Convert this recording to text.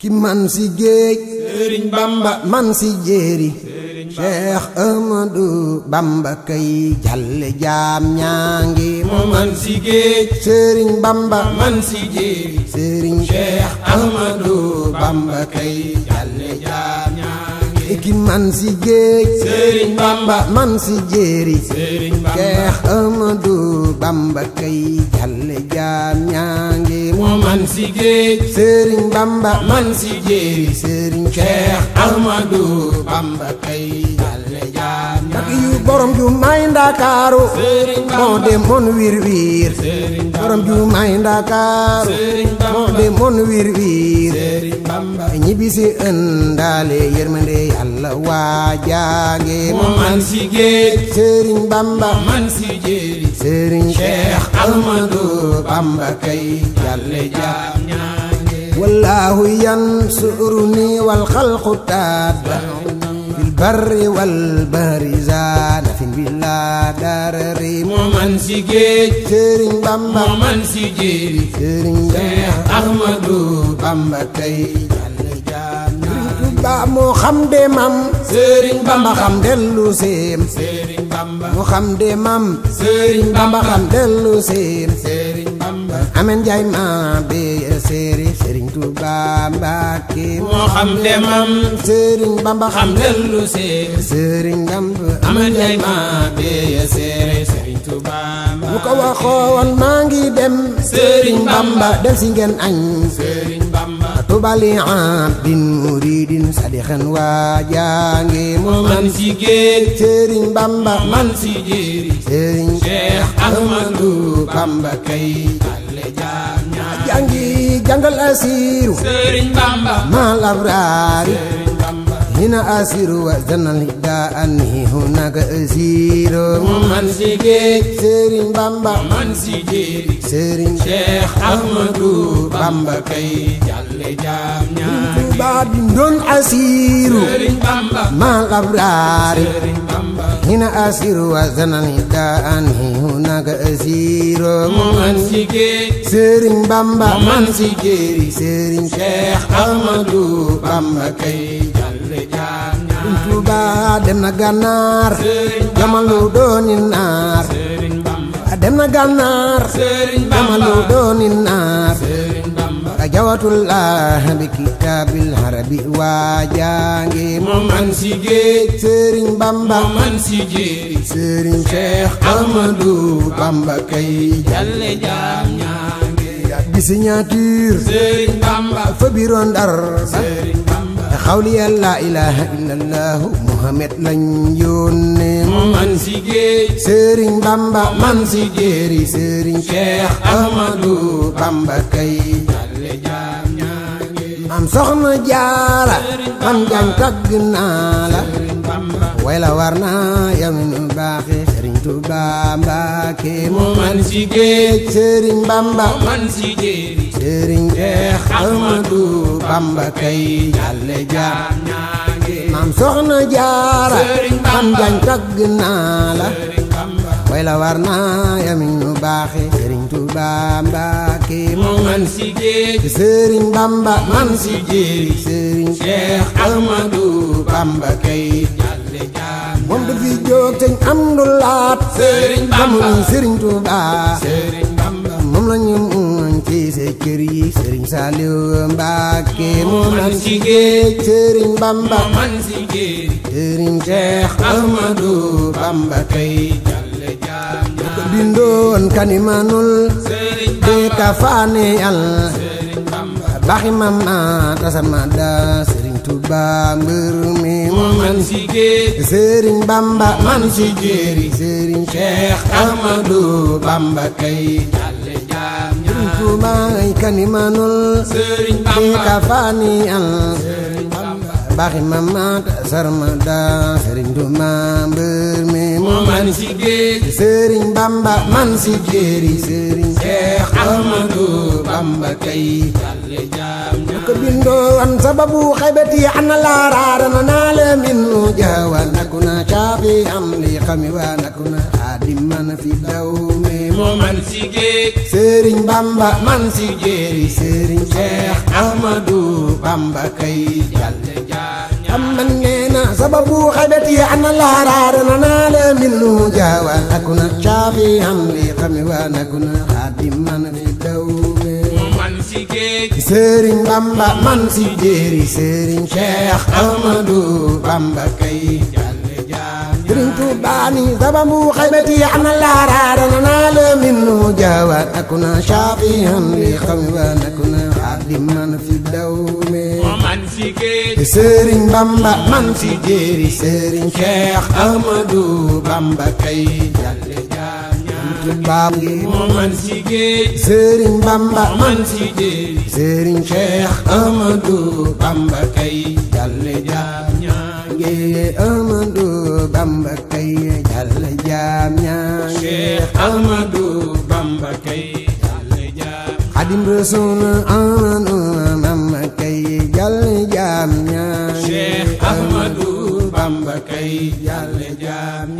ki man si géej sëriñ bamba man si jéeri cheikh amadou bamba kay jàll jaam ñaangi mu man si géej sëriñ bamba man si jéeri sëriñ cheikh amadou bamba kay jàll jaam ñaangi ki man si géej sëriñ bamba man si jéeri cheikh amadou bamba kay jàll si géej sëriñ bamba man borom ju may ndakaaru moo de mon wir wir ñibbisi ëndaale yërmande yàlla waa jaange moo man si géej sëriñ bamba sëriñ Cheikh Ahmadou Bamba kay jàlle jaam ñaange wallahu yansuruni wal xalqu taaba barri wal bahri zaana fin bila darari moo si géej sëriñ Bamba moo si jéeri sëriñ Bamba kay ba moo xam de mam Serigne Bamba xam dellu seem Bamba moo xam de mam Serigne Bamba xam dellu ma be Serigne Serigne Touba Mbacké moo xam de mam Serigne Bamba xam dellu seem Bamba amen jaay ma be Serigne Serigne Touba bu ko waxoon maa ngi dem Serigne Bamba del si ngeen añ bali abdin muridin sadixan waajaange moo man si géej sëriñ bamba man si jéeri sëriñ bamba kay alle jaam ñaa jangi bamba mal abraari هنا أسير وزن الهداء أنهي هناك أسير من سيجي سيرين بامبا من سيجي سيرين شيخ أحمد بامبا كي جل جام نياجي بعد دون أسير سيرين بامبا ما الأبرار سيرين بامبا هنا أسير وزن الهداء أنهي هناك أسير من سيجي سيرين بامبا من سيجي سيرين شيخ أحمد بامبا كي جل جام Sëriñ Tuuba dem na gànnaar jamalu dooni naar dem na gànnaar jamalu dooni naar jawatul lah bi kitaabil harabi waajaange moo man si géej Sëriñ Bamba moo man si géej Sëriñ Cheikh Amadou Bamba kay jalle jaam ñaange bi signature Sëriñ Bamba fa biroon Ndar Sëriñ Bamba te xawliyal laa ilaaha illallahu muhammad lañ yónnee man si géej sëriñ bamba man si jéeri sëriñ cheikh ahmadu bamba kay am soxna jaara am jàng tagg naa la way la war naa yam nu baaxe man si géej sëriñ bamba man si jéeri sëriñ cheikh Cheikh Ahmadou Bamba maam soxna jaara xam jañ tagg naa la way la war nu baaxe Sëriñ Tuubaa Mbàkke moo man Sëriñ Bamba man si Sëriñ Cheikh Ahmadou Bamba kay moom du fi jóg sëñ am du laat Sëriñ Bamba Sëriñ Tuubaa moom la ñu ci sa kër yi Serigne Saliou moo man ci géej Serigne Bamba man ci géej Serigne Cheikh Ahmadou Bamba tey jàll jaam ko bindoon kanimanul Serigne Bamba de kafaane Yàlla Serigne Bamba baxi mama tasamada mbër mi moo man ci géej Serigne Bamba man ci géej Serigne Cheikh Ahmadou Bamba kay kani manul Serigne Bamba kafaani al baaxi ma maat sarmada Serigne du ma mbër mi mu man si géej Serigne Bamba man si jéeri Serigne Cheikh Ahmadou Bamba kay ko bindoo wan sababu xaybati ana laaraara na naa la min nu jaawa nakuna caafi am li xami waa nakuna ana fi daw mi moo man si géej sëriñ bamba man si jéeri sëriñ seex ahmadu bamba kay jàlle jaar am man neena sababu xabati ana laaraara na naa la minnu jaawa akuna caafi am li xami waa nakuna xaadim man fi daw mi moo man si géej sëriñ bamba man si jéeri sëriñ seex ahmadu bamba kay دريتو باني زبمو خيبتي عنا العرار ننال منه جواد أكون شافيا لخمي ونكون عالما في الدوم ومن سيكي سيرين بامبا من سيجيري سيرين شيخ أحمدو بامبا كي جل جامعي ومن سيكي سيرين بامبا من سيجيري سيرين شيخ أحمدو بامبا كي جل جامعي Cheikh Ahmadou Bamba kay jàll jaam Xadim Rasul aanu nam kay jàll jaam ñaar Cheikh Ahmadou Bamba kay jàll jaam